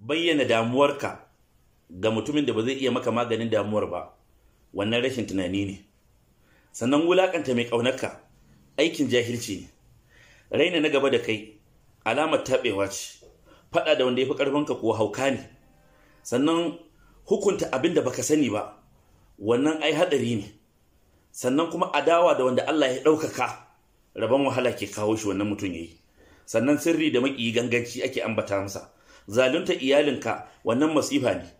bayyana damuwarka ga mutumin da ba zai iya maka maganin damuwar ba wannan rashin tunani ne sannan wulakanta mai ƙaunarka aikin jahilci ne raina na gaba da kai alamar taɓewa ce faɗa da wanda ya fi ƙarfinka ko hauka ne sannan hukunta abin da baka sani ba wannan ai haɗari ne sannan kuma adawa da wanda Allah ya ɗaukaka rabon wahala ke kawo shi wannan mutum ya yi sannan sirri da maƙi ganganci ake ambata masa zalunta iyalinka wannan masifa ne